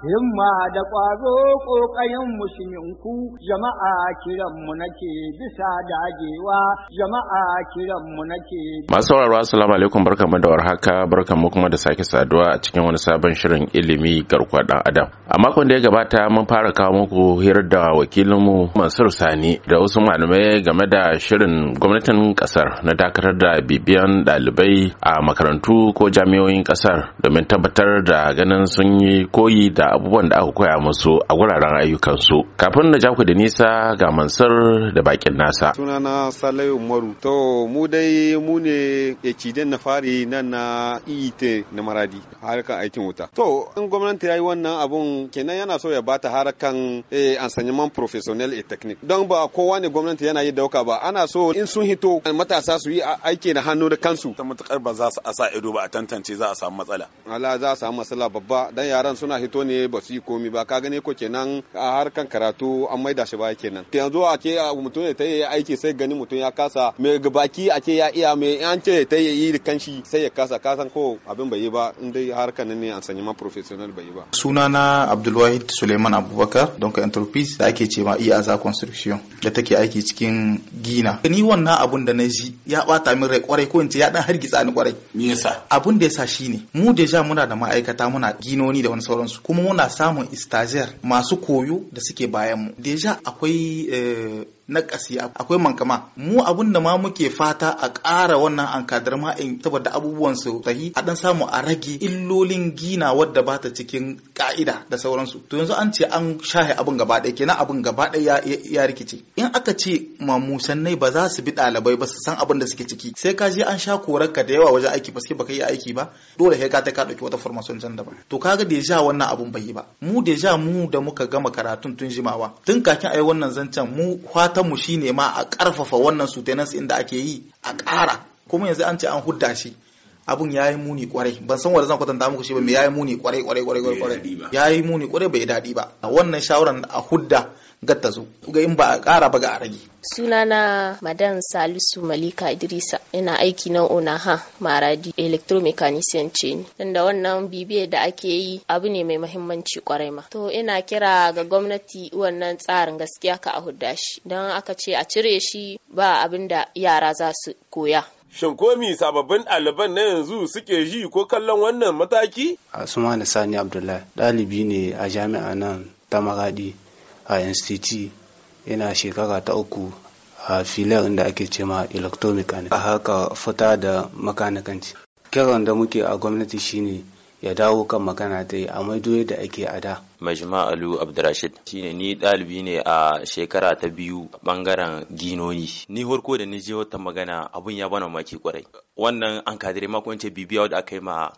himma da ƙwazo ƙayan musulminku jama'a kiranmu nake bisa dagewa jama'a kiranmu nake masu sauraro assalamu alaikum barkamu da warhaka barkamu kuma da sake saduwa a cikin wani sabon shirin ilimi garkuwa ɗan adam a makon da ya gabata mun fara kawo muku hirar da wakilinmu Mansur Sani da wasu malamai game da shirin gwamnatin ƙasar na dakatar da bibiyan ɗalibai a makarantu ko jami'o'in kasar domin tabbatar da ganin sun yi koyi da da abubuwan da aka koya musu a wuraren ayyukansu kafin na ja da nisa ga mansar da bakin nasa sunana salayu maru to mu dai mu ne na fari nan na iite na maradi harkan aikin wuta to in gwamnati ya yi wannan abun kenan yana so ya bata harkan eh, enseignement professionnel et technique don ba kowa ne gwamnati yana yi dauka ba ana so in sun hito matasa su yi aiki na hannu da kansu ta matukar ba za su asa ido ba a tantance za a samu matsala ala za a samu matsala babba dan yaran suna hito ne ba su yi komi ba ka gane ko kenan a harkan karatu an maida shi ba kenan to yanzu a ce mutum ne ta yi aiki sai gani mutum ya kasa mai gabaki a ce ya iya mai an ce ta yi kanshi sai ya kasa kasan ko abin bai yi ba in dai harkan ne an sanya ma professional bai yi ba sunana Abdulwahid Suleiman Abubakar don ka da ake ce ma Iyaza e Construction da take aiki cikin Gina ni wannan abun da na ji ya bata min rai kwarai ko in ce ya dan hargitsa ni kwarai me yasa abun da yasa shine mu deja muna da ma'aikata muna ginoni da wani sauransu kuma muna samun istajiyar masu koyo da suke bayanmu. Deja akwai eh, na ƙasiya akwai mankama mu abun da ma muke fata a ƙara wannan an ma in saboda abubuwan su sahi a dan samu a rage illolin gina wadda bata cikin ka'ida da sauransu to yanzu an ce an shahe abun gaba ɗaya kenan abun gaba ɗaya ya rikice in aka ce ma musannai ba za su bi ɗalibai ba su san abin da suke ciki sai ka je an sha korarka da yawa wajen aiki ba sai baka yi aiki ba dole sai ka ta ka ɗauki wata formation can daban to kaga deja wannan abun bai yi ba mu deja mu da muka gama karatun tun jimawa tun kakin ayi wannan zancen mu fata mu shine ma a ƙarfafa wannan sutenance da ake yi a ƙara kuma yanzu an ce an hudda shi abun yi muni kwarai ban san wanda zan kwatanta muku shi ba me yi muni kwarai kwarai kwarai kwarai yi muni kwarai bai daɗi ba wannan shawaran a hudda gatta zo ga in ba a ƙara ba ga a rage sunana madan salisu malika idrisa ina aiki na onaha maradi electromechanician ce ni tunda wannan bibiyar da ake yi abu ne mai mahimmanci kwarai ma to ina kira ga gwamnati wannan tsarin gaskiya ka a hudda shi don aka ce a cire shi ba abin da yara za su koya Shin komi sababbin ɗaliban na yanzu suke ji ko kallon wannan mataki? Asuma Sani Abdullahi ɗalibi ne a jami'a nan ta Maradi a NCT yana shekara ta uku a filar da ake ce ma electromechanics a haka fita da makanikanci. Kiran da muke a gwamnati shine ya dawo kan magana ta yi a maido yadda ake a da. Majma Alu Abdurashid ne, ni ɗalibi ne a shekara ta biyu bangaren ginoni. Ni horko da ni je wata magana abun ya bana maki kwarai. Wannan an kadire makonci, bibiya da aka yi ma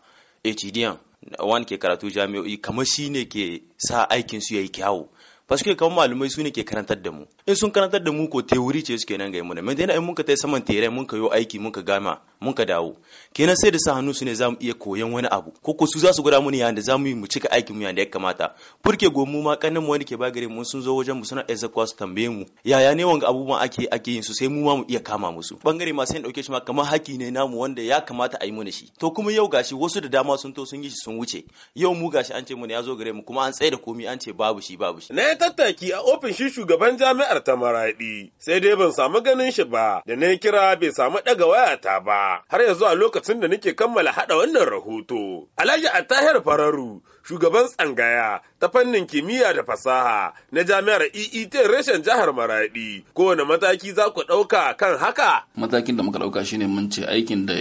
HDN wani ke karatu jami'o'i kamar shi ne ke sa aikin su yi kyawu. parce que kamar malumai su ne ke karantar da mu in sun karantar da mu ko teori ce suke nan gai mu da mai dai mun ka tai saman tere mun ka yo aiki mun ka gama mun ka dawo kenan sai da sa hannu su ne zamu iya koyon wani abu ko ko su za su gwada mu ne yanda zamu yi mu cika aikin mu yanda ya kamata furke mu ma kannan mu wani ke bagare mu sun zo wajen mu suna zakwa su tambaye mu yaya ne wanga abubuwan ake ake yin su sai mu ma mu iya kama musu bangare ma sai ɗauke shi ma kamar haki ne namu wanda ya kamata a yi mana shi to kuma yau gashi wasu da dama sun to sun yi shi sun wuce yau mu gashi an ce mu ne ya zo gare mu kuma an tsaye da komi an ce babu shi babu shi tattaki a ofishin shugaban jami'ar ta Maraɗi, sai dai ban samu ganin shi ba, da na kira bai samu ɗaga wayata ba, har ya zuwa lokacin da nake kammala haɗa wannan rahoto. Alhaji Attahir Fararu, shugaban tsangaya ta fannin kimiyya da fasaha na jami'ar EET reshen jihar Maraɗi, kowane mataki za ku ɗauka kan haka? Matakin da muka ɗauka shine mun ce aikin da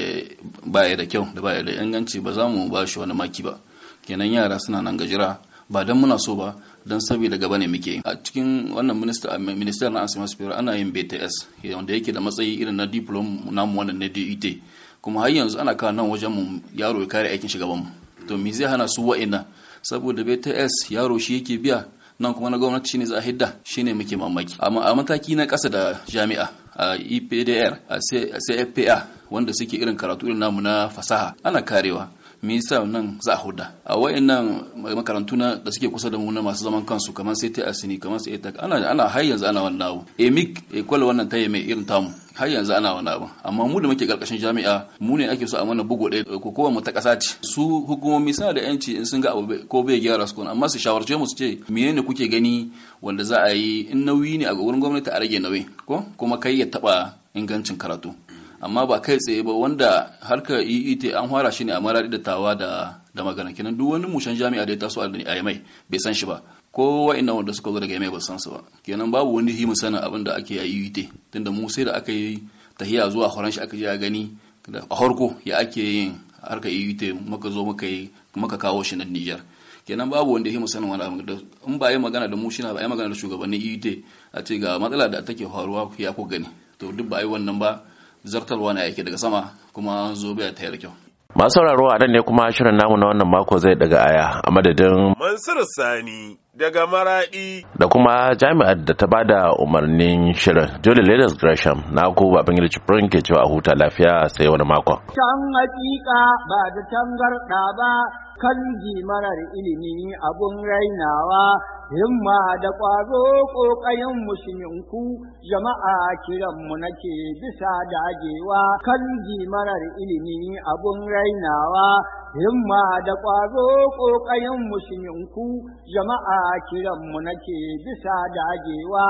baya da kyau da baya da inganci ba za mu ba shi wani maki ba. Kenan yara suna nan gajira ba don muna so ba don saboda gaba ne muke a cikin wannan minista minista na asima spiro ana yin bts wanda yake da matsayi irin na diplom namu wannan na det kuma har yanzu ana kawo nan wajen mu yaro ya kare aikin shiga mu to me zai hana su wa'ina saboda bts yaro shi yake biya nan kuma na gwamnati shine za a hidda shine muke mamaki amma a mataki na kasa da jami'a a epdr a cfpa wanda suke irin karatu irin namu na fasaha ana karewa me yasa nan za a huda a wayannan makarantu na da suke kusa da mu na masu zaman kansu kamar sai ta asini kamar sai ta ana ana har yanzu ana wannan abu emic eh, ekwal eh, wannan ta yi irin tamu har yanzu ana wani abu amma mu da muke karkashin jami'a mu ne ake so a mana bugu ɗaya ko kowa mu ta ƙasa ce su hukumomi suna da yanci in sun ga abu ko bai gyara su amma su shawarce mu su ce ne kuke gani wanda za a yi in nauyi ne a wurin gwamnati a rage nauyi ko kuma kai ya taba ingancin karatu amma ba kai tsaye ba wanda harkar EET an fara shi ne a marar da tawa da da magana kenan duk wani mushan jami'a da ya taso a yamai bai san shi ba ko wa'annan wanda suka zo daga yamai ba san su ba kenan babu wani himin sana abin da ake a EET tunda mu sai da aka yi tahiya zuwa horon shi aka je a gani a harko ya ake yin harka EUT e muka zo muka yi muka kawo shi na Niger kenan babu wanda ya himu sanin wani abu da in ba yi magana da mu shi ba yi magana da shugabannin EUT e a ce ga matsala da take faruwa ya ku gani to duk ba yi wannan ba zartarwa ne yake daga sama kuma zobe ta yi kyau masu sauraro a nan ne kuma shirin namu na wannan mako zai daga aya a madadin mansur sani daga maradi da kuma jami'ar da ta bada umarnin shirin jolly ladies gresham na ku babin gida cifirin ke cewa a huta lafiya sai wani makon can hakika ba da garda ba kan marar ilimi abun rainawa himma da ƙwazo ƙoƙayen musulminku jama'a kiranmu nake bisa dagewa kan marar ilimi abun rainawa himma da ƙwazo ƙoƙayen musulminku jama'a kiranmu nake bisa dagewa